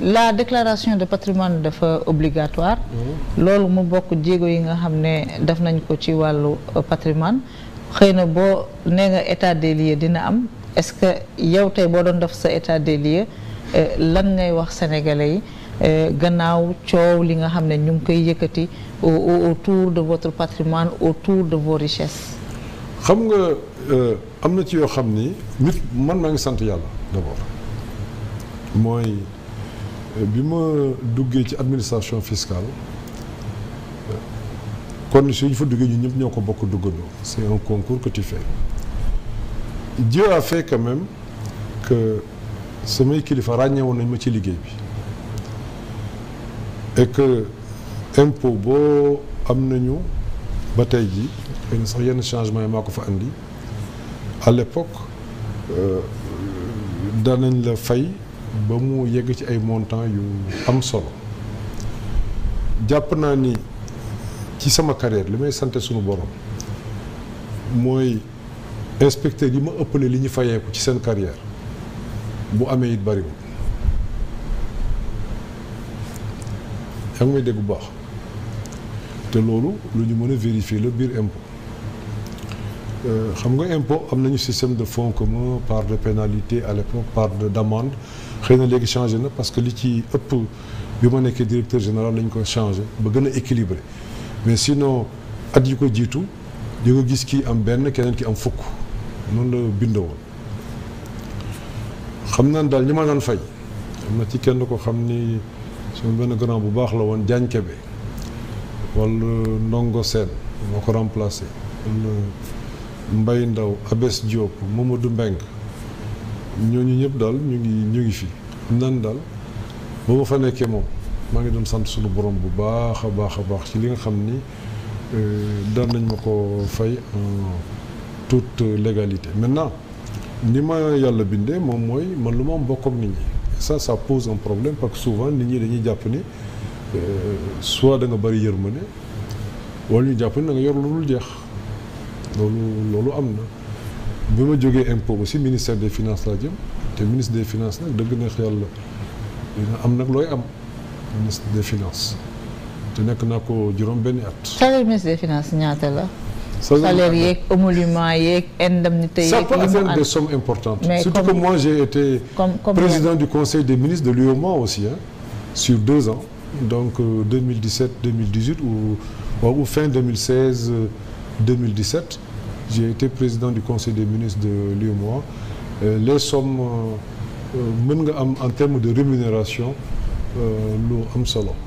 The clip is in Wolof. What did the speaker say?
la déclaration de patrimoine dafa obligatoire mm-hmm. loolu mu bokk jéego yi nga xam ne def nañ ko ci wàllu euh, patrimoine xëy na boo nee nga état des lieux dina am est-ce que yow tey boo doon def sa état des lieux euh, lan ngay wax sénégalais yi euh, gannaaw coow li nga xam ne ñu ngi koy yëkkati autour de votre patrimoine autour de vos richesses xam nga am na ci yoo xam ni nit man maa ngi sant yàlla d'abord bi ma duggee ci administration fiscale kon suñu fa duggee ñun ñëpp ñoo ko bokk duggandoo c'est un concours que tu fais Dieu a fait samay kilifa ràññewoon nañ ma ci liggéey bi et que boo am nañu ba tey ji xëy na sax yenn changement yi maa ko fa indi à l'époque euh, danañ la fay ba mu yegg ci ay montant yu am solo jàpp naa ni ci sama carrière li may sante sunu borom mooy inspecteur yi ma ëppale li ñu fayeeku ci seen carrière bu amee it bariwul yaa ngi may bu baax te loolu lu ñu mën a vérifier la biir impôt euh, xam nga impôt am nañu système de fonds commun part de pénalité à l'époque part de d'amende xëy na léegi changé na parce que li ci ëpp bi ma nekkee directeur général lañ ko changé ba gën a équilibré mais sinon at yi ko jiitu di nga gis kii am benn keneen ki am fukk noonu la bindoo woon xam naan daal ñi ma daan fay am na ci kenn ko xam ni sama benn grand bu baax la woon Diagne Kébé wala Ndongo Sène moo ko remplacé wala Mbaye Ndaw Abes Diop Mamadou Mbengue ñooñu ñëpp daal ñu ngi ñu ngi fi nan daal ba ma fa nekkee moom maa ngi doon sant suñu borom bu baax a baax a baax ci li nga xam ni euh, daan nañ ma ko fay en toute légalité maintenant ni ma yàlla bindee moom mooy man lu ma am bokk ak nit ñi ça ça pose un problème parce souvent nit ñi dañuy jàpp ni euh, soit da nga bëri yërmande wala ñu jàpp ni da nga yor lu jeex loolu loolu am na bi ma jógee impôt aussi ministère des finance laa jëm te ministre des finances nag dëgg neex yàlla dina am nag looy am ministre des finances te nekk naa ko juróom benni at. salaire ministre des finances ñaata la. salaire yeeg émoluments yeeg indemnité yeeg. ça peut atteindre des sommes importantes. mais surtout comme, que moi j'ai été. Comme, comme président du conseil des ministres de l'UEMOA aussi hein, sur deux ans donc euh, 2017 2018 ou ou fin 2016 2017. j'ai été président du conseil des ministres de l'UEMOA euh, les sommes euh, euh, mën nga am en termes de rémunération lu am solo